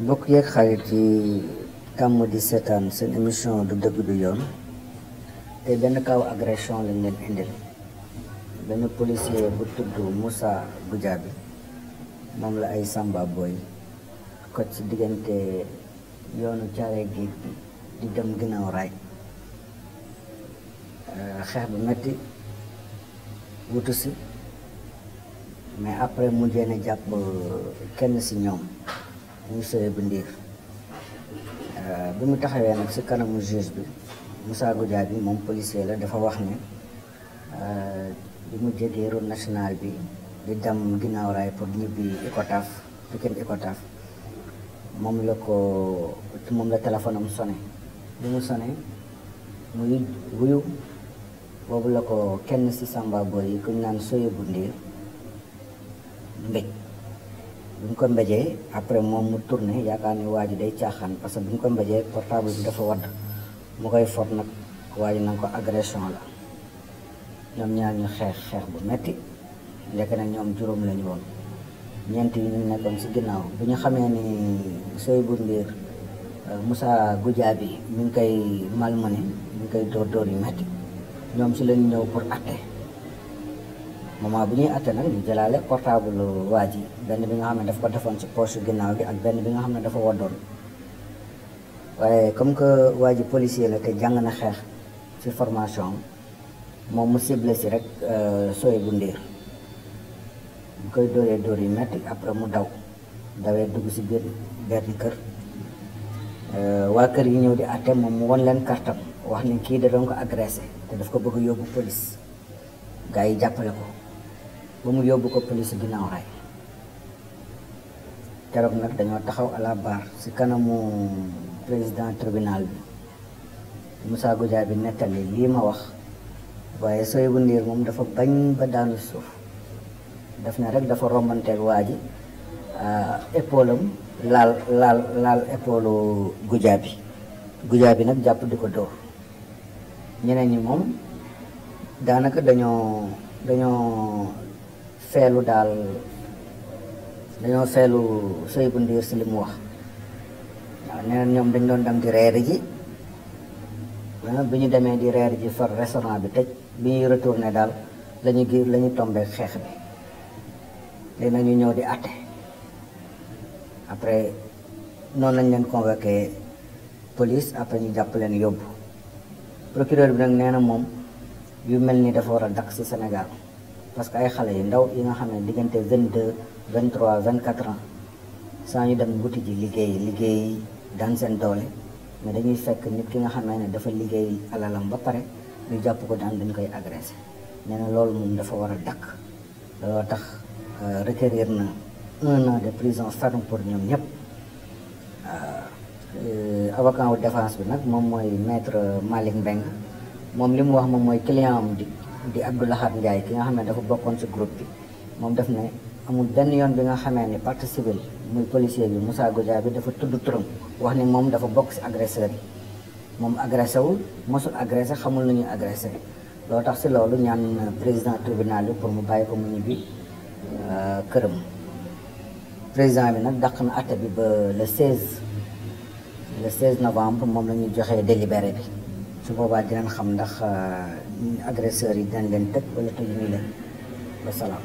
mbokk yeeg xarit yi tàmm di seetaan seen émission du dëgg du yoon te benn kaw agression lañ leen indil benn policier bu tudd bu Goudiaby moom la ay Samba Boy ko ci diggante yoonu caare géej bi di dem ginnaaw raay euh, xeex bu metti wutu si mais après mu jéem a jàpp kenn si ñoom muy sëy bu ndiir euh, bi mu taxawee nag si kanamu juge bi Moussa Goudiaby bi moom policier la dafa wax ne euh, bi mu jógee route nationale bi di dem ginnaaw raay pour ñibbi Icotaf Pikine Icotaf moom la ko moom la téléphone am bi mu sonné muy wuyu boobu la ko kenn si Samba Boy yi ku naan Soye bu Ndiir mbéj ko mbéjee après moom mu tourné yaakaar ne waa ji day caaxaan parce que bi ñu ko mbéjee portable bi dafa wadd mu koy foot nag waa ji nanga ko agression la ñoom ñaar ñu xeex xeex bu metti ndekk nag ñoom juróom lañu woon ñeent yi ñu nekkoon si ginnaaw bu ñu xamee ni sëy bu mbir euh, Moussa Goudia bi mi ngi koy malmené mi ngi koy dóor dóor yu metti ñoom si lañu ñëw pour atte moment bi ñuy atte nag ñu jëlaale portable waa ji benn bi nga xam ne daf ko defoon ci poche ginnaaw bi ak benn bi nga xam ne dafa woddoon waaye comme que waa ji policier la te jàng na xeex ci formation moom mu ciblé si rek euh, sooy bu ndiir bu koy dóoree dóor yi metti après mu daw dawee dugg si biir benn kër euh, waa kër yi ñëw di atte moom mu won leen kartam wax ni kii da doon ko agressé te daf ko bëgg yóbbu police gars yi jàppale ko ba mu yóbbu ko police ginnaaw raay keroog nag dañoo taxaw à la barre kanamu président tribunal bi Moussa Goudia bi ni lii ma wax waaye sooy bu ndiir moom dafa bañ ba daanu suuf def na rek dafa rombanteeg waa ji épaule am laal laal laal épaule bi Goudia bi nag jàpp di ko dóor ñeneen ñi moom daanaka dañoo dañoo feelu daal dañoo feelu sëy bu si li mu wax waaw nee ñoom dañ doon dem di reer ji bi ñu demee di reer ji far restaurant bi tëj bi ñuy retourné daal lañu giir la ñu xeex bi léegi nag ñu ñëw di àtte après noonu lañ leen convoqué police après ñu jàpp leen yóbbu procureur bi nag nee moom yu mel ni dafa war a dakk si Sénégal parce que ay xale yi ndaw yi nga xam ne diggante vingt deux vingt trois vingt quatre ans saa ñu dem wuti ji liggéey liggéey daan seen doole mais dañuy fekk nit ki nga xamee ne dafa liggéey alalam ba pare ñu jàpp ko daan dañu koy agressé nee na loolu moom dafa war a dakk looloo tax euh, requérir na un an de prison ferme pour ñoom ñëpp euh, euh, avocat wu bi nag moom mooy maître Malick Mbengue moom li mu wax moom mooy client am di di Abdou Lahad Ndiaye ki nga xam ne dafa bokkoon ci groupe bi moom def ne amul benn yoon bi nga xamee ni parti civile muy policier bi Moussa Goudia bi dafa tudd turam wax ni moom dafa bokk si agresseur yi moom agressé wul mosul agressé xamul nu ñuy agressé loo tax si loolu ñaan président tribunal bi pour mu bàyyi ko mu ñibbi euh, këram président bi nag daq na àtte bi ba le 16 le 16 novembre moom la ñuy joxee délibéré bi. su boobaa dinañ xam ndax euh, agresseurs yi dinañ leen tëj wala tëjuñu leen wasalaam